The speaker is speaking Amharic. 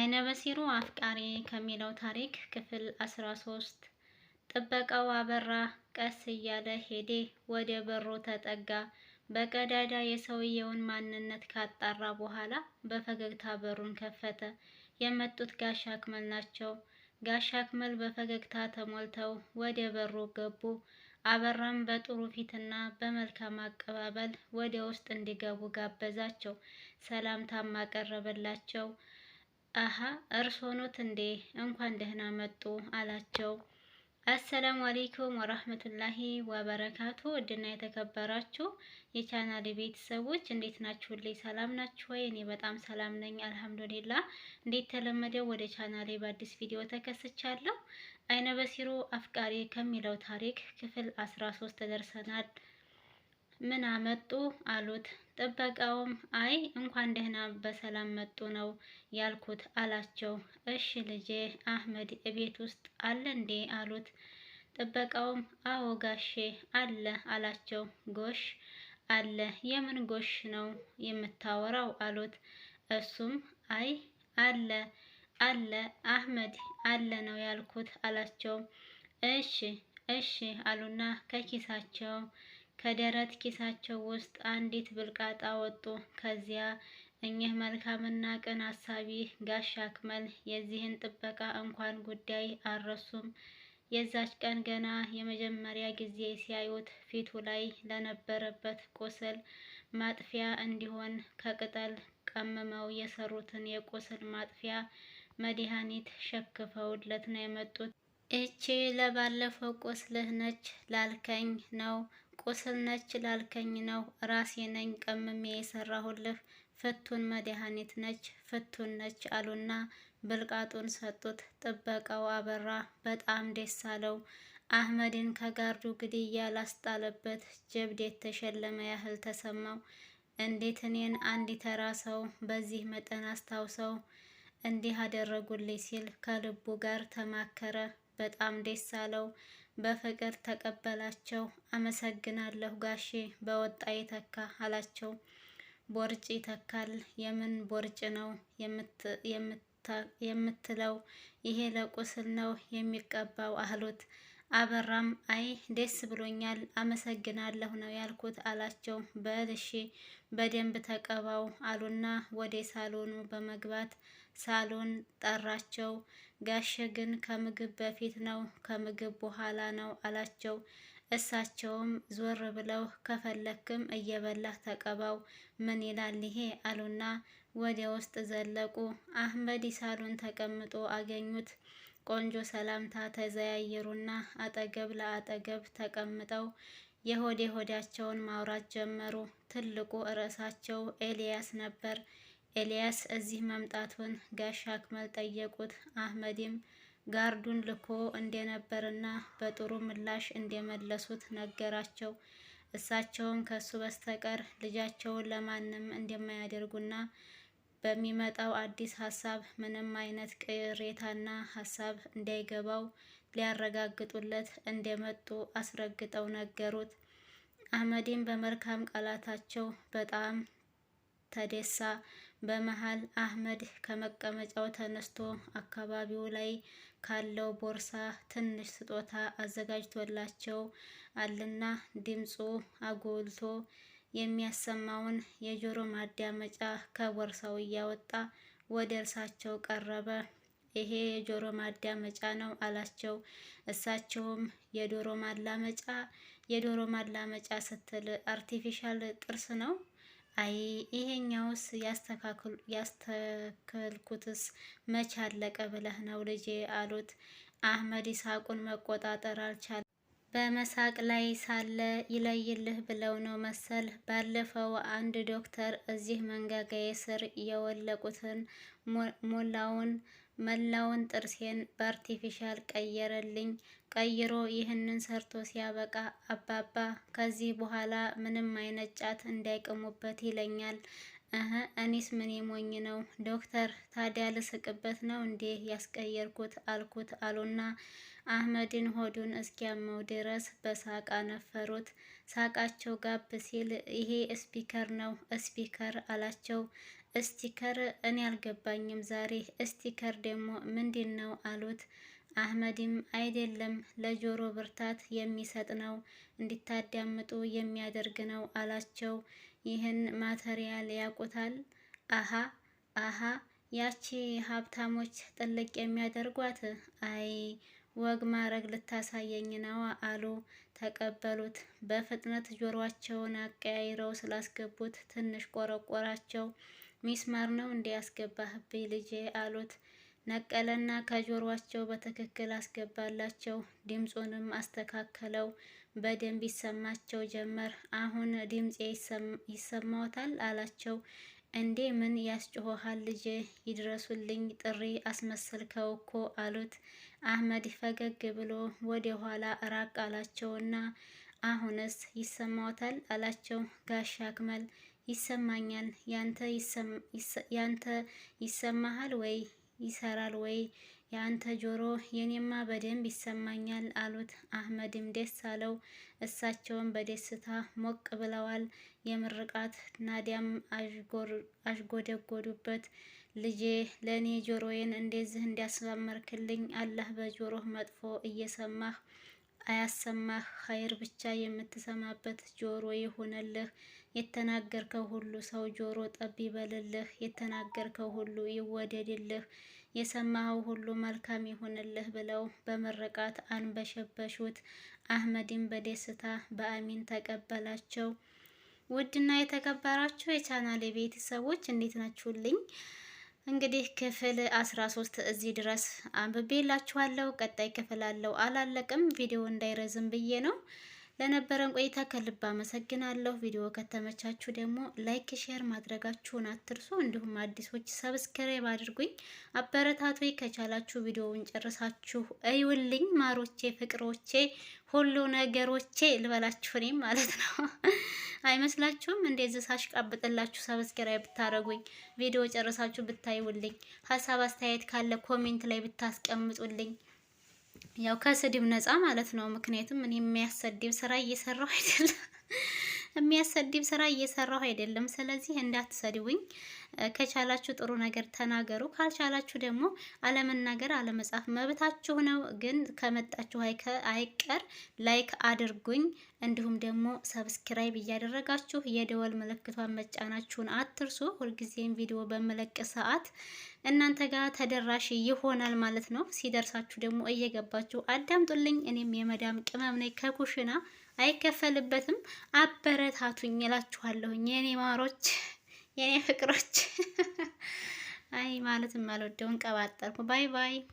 አይነ በሲሩ አፍቃሪ ከሚለው ታሪክ ክፍል አስራ ሶስት ጥበቃው አበራ ቀስ እያለ ሄዴ ወደ በሩ ተጠጋ። በቀዳዳ የሰውየውን ማንነት ካጣራ በኋላ በፈገግታ በሩን ከፈተ። የመጡት ጋሻ አክመል ናቸው። ጋሻ አክመል በፈገግታ ተሞልተው ወደ በሩ ገቡ። አበራም በጥሩ ፊትና በመልካም አቀባበል ወደ ውስጥ እንዲገቡ ጋበዛቸው። ሰላምታም አቀረበላቸው። አሀ እርስዎ ኖት እንዴ? እንኳን ደህና መጡ አላቸው። አሰላሙ አሌይኩም ወራህመቱላሂ ወበረካቱ። እድና የተከበራችሁ የቻናል ቤተሰቦች እንዴት ናችሁልኝ? ሰላም ናችሁ ወይ? እኔ በጣም ሰላም ነኝ አልሐምዱሊላ። እንዴት ተለመደው ወደ ቻናሌ በአዲስ ቪዲዮ ተከስቻለሁ። አይነ በሲሮ አፍቃሪ ከሚለው ታሪክ ክፍል አስራ ሶስት ደርሰናል። ምን አመጡ አሉት ጥበቃውም አይ እንኳን ደህና በሰላም መጡ ነው ያልኩት አላቸው። እሺ ልጄ አህመድ እቤት ውስጥ አለ እንዴ አሉት። ጥበቃውም አዎ ጋሼ አለ አላቸው። ጎሽ አለ የምን ጎሽ ነው የምታወራው አሉት። እሱም አይ አለ አለ አህመድ አለ ነው ያልኩት አላቸው። እሺ እሺ አሉና ከኪሳቸው ከደረት ኪሳቸው ውስጥ አንዲት ብልቃጥ አወጡ። ከዚያ እኚህ መልካምና ቅን አሳቢ ጋሻ አክመል የዚህን ጥበቃ እንኳን ጉዳይ አልረሱም። የዛች ቀን ገና የመጀመሪያ ጊዜ ሲያዩት ፊቱ ላይ ለነበረበት ቁስል ማጥፊያ እንዲሆን ከቅጠል ቀምመው የሰሩትን የቁስል ማጥፊያ መድኃኒት ሸክፈውለት ነው የመጡት። እቺ ለባለፈው ቁስልህ ነች ላልከኝ ነው ቁስል ነች ላልከኝ ነው ራሴ ነኝ ቀምሜ የሰራሁልህ። ፍቱን መድኃኒት ነች ፍቱን ነች አሉና ብልቃጡን ሰጡት። ጥበቃው አበራ በጣም ደስ አለው። አህመድን ከጋርዱ ግድያ ላስጣለበት ጀብድ የተሸለመ ያህል ተሰማው። እንዴት እኔን አንድ ተራ ሰው በዚህ መጠን አስታውሰው እንዲህ አደረጉልኝ ሲል ከልቡ ጋር ተማከረ። በጣም ደስ አለው። በፍቅር ተቀበላቸው። አመሰግናለሁ ጋሼ በወጣ ይተካ አላቸው። ቦርጭ ይተካል። የምን ቦርጭ ነው የምትለው? ይሄ ለቁስል ነው የሚቀባው አህሉት። አበራም አይ ደስ ብሎኛል፣ አመሰግናለሁ ነው ያልኩት አላቸው። በል እሺ በደንብ ተቀባው አሉና ወደ ሳሎኑ በመግባት ሳሎን ጠራቸው። ጋሸ ግን ከምግብ በፊት ነው ከምግብ በኋላ ነው አላቸው። እሳቸውም ዞር ብለው ከፈለክም እየበላህ ተቀባው ምን ይላል ይሄ አሉና ወደ ውስጥ ዘለቁ። አህመድ ሳሎን ተቀምጦ አገኙት። ቆንጆ ሰላምታ ተዘያየሩና አጠገብ ለአጠገብ ተቀምጠው የሆዴ ሆዳቸውን ማውራት ጀመሩ። ትልቁ ርዕሳቸው ኤልያስ ነበር። ኤልያስ እዚህ መምጣቱን ጋሻ አክመል ጠየቁት። አህመድም ጋርዱን ልኮ እንደነበርና በጥሩ ምላሽ እንደመለሱት ነገራቸው። እሳቸውም ከሱ በስተቀር ልጃቸውን ለማንም እንደማያደርጉና በሚመጣው አዲስ ሀሳብ ምንም አይነት ቅሬታና ሀሳብ እንዳይገባው ሊያረጋግጡለት እንደመጡ አስረግጠው ነገሩት። አህመድም በመልካም ቃላታቸው በጣም ተደሳ። በመሃል አህመድ ከመቀመጫው ተነስቶ አካባቢው ላይ ካለው ቦርሳ ትንሽ ስጦታ አዘጋጅቶላቸው አልና ድምፁ አጎልቶ የሚያሰማውን የጆሮ ማዳመጫ ከቦርሳው እያወጣ ወደ እርሳቸው ቀረበ። ይሄ የጆሮ ማዳመጫ ነው አላቸው። እሳቸውም የዶሮ ማላመጫ የዶሮ ማላመጫ ስትል አርቲፊሻል ጥርስ ነው አይ ይሄኛውስ ያስተከልኩትስ መቻ አለቀ ብለህ ነው ልጄ አሉት። አህመድ ይሳቁን መቆጣጠር አልቻለ በመሳቅ ላይ ሳለ ይለይልህ ብለው ነው መሰል። ባለፈው አንድ ዶክተር እዚህ መንጋጋዬ ስር የወለቁትን ሞላውን መላውን ጥርሴን በአርቲፊሻል ቀየረልኝ። ቀይሮ ይህንን ሰርቶ ሲያበቃ አባባ ከዚህ በኋላ ምንም አይነት ጫት እንዳይቅሙበት ይለኛል። እህ እኔስ ምን የሞኝ ነው ዶክተር፣ ታዲያ ልስቅበት ነው እንዴ ያስቀየርኩት? አልኩት አሉና አህመድን ሆዱን እስኪያመው ድረስ በሳቅ አነፈሩት። ሳቃቸው ጋብ ሲል ይሄ ስፒከር ነው ስፒከር አላቸው። እስቲከር እኔ አልገባኝም። ዛሬ እስቲከር ደግሞ ምንድን ነው አሉት። አህመድም አይደለም ለጆሮ ብርታት የሚሰጥ ነው፣ እንዲታዳምጡ የሚያደርግ ነው አላቸው። ይህን ማተሪያል ያውቁታል? አሀ አሀ ያቺ ሀብታሞች ጥልቅ የሚያደርጓት አይ ወግ ማረግ ልታሳየኝ ነው አሉ። ተቀበሉት። በፍጥነት ጆሯቸውን አቀያይረው ስላስገቡት ትንሽ ቆረቆራቸው። ሚስማር ነው ያስገባህብኝ ልጄ አሉት። ነቀለና ከጆሯቸው በትክክል አስገባላቸው። ድምፁንም አስተካከለው። በደንብ ይሰማቸው ጀመር። አሁን ድምፄ ይሰማዎታል አላቸው። እንዴ ምን ያስጮሆሃል ልጄ? ይድረሱልኝ ጥሪ አስመሰልከው እኮ አሉት። አህመድ ፈገግ ብሎ ወደ ኋላ ራቅ አላቸውና አሁንስ ይሰማዎታል አላቸው። ጋሻ አክመል ይሰማኛል። ያንተ ይሰማሃል ወይ ይሰራል ወይ? የአንተ ጆሮ የኔማ በደንብ ይሰማኛል አሉት። አህመድም ደስ አለው። እሳቸውን በደስታ ሞቅ ብለዋል። የምርቃት ናዲያም አሽጎደጎዱበት ልጄ ለእኔ ጆሮዬን እንደዚህ እንዲያስማመርክልኝ አላህ በጆሮህ መጥፎ እየሰማህ አያሰማህ፣ ኸይር ብቻ የምትሰማበት ጆሮ ይሆነልህ። የተናገርከው ሁሉ ሰው ጆሮ ጠብ ይበልልህ፣ የተናገርከው ሁሉ ይወደድልህ፣ የሰማኸው ሁሉ መልካም ይሁንልህ ብለው በምርቃት አንበሸበሹት። አህመድን በደስታ በአሚን ተቀበላቸው። ውድና የተከበራችሁ የቻናል የቤተሰቦች እንዴት ናችሁልኝ? እንግዲህ ክፍል አስራ ሶስት እዚህ ድረስ አንብቤላችኋለሁ። ቀጣይ ክፍል አለው አላለቅም። ቪዲዮ እንዳይረዝም ብዬ ነው። ለነበረን ቆይታ ከልብ አመሰግናለሁ። ቪዲዮ ከተመቻችሁ ደግሞ ላይክ፣ ሼር ማድረጋችሁን አትርሱ። እንዲሁም አዲሶች ሰብስክራይብ አድርጉኝ፣ አበረታቶች ከቻላችሁ ቪዲዮውን ጨርሳችሁ እዩልኝ። ማሮቼ፣ ፍቅሮቼ፣ ሁሉ ነገሮቼ ልበላችሁ እኔም ማለት ነው። አይመስላችሁም? እንደዚህ ሳሽቃብጥላችሁ ሰብስክራይብ ብታረጉኝ፣ ቪዲዮ ጨርሳችሁ ብታዩልኝ፣ ሀሳብ አስተያየት ካለ ኮሜንት ላይ ብታስቀምጡልኝ ያው ከስድብ ነፃ ማለት ነው። ምክንያቱም እኔ የሚያሰድብ ስራ እየሰራሁ አይደለም የሚያሰድብ ስራ እየሰራሁ አይደለም። ስለዚህ እንዳትሰድቡኝ። ከቻላችሁ ጥሩ ነገር ተናገሩ፣ ካልቻላችሁ ደግሞ አለመናገር አለመጻፍ መብታችሁ ነው። ግን ከመጣችሁ አይቀር ላይክ አድርጉኝ፣ እንዲሁም ደግሞ ሰብስክራይብ እያደረጋችሁ የደወል ምልክቷን መጫናችሁን አትርሱ። ሁልጊዜም ቪዲዮ በምለቅ ሰዓት እናንተ ጋር ተደራሽ ይሆናል ማለት ነው። ሲደርሳችሁ ደግሞ እየገባችሁ አዳምጡልኝ። እኔም የመዳም ቅመም ነኝ ከኩሽና አይከፈልበትም። አበረታቱኝ እላችኋለሁኝ የኔ ማሮች። የኔ ፍቅሮች። አይ ማለትም አልወደውን ቀባጠርኩ። ባይ ባይ።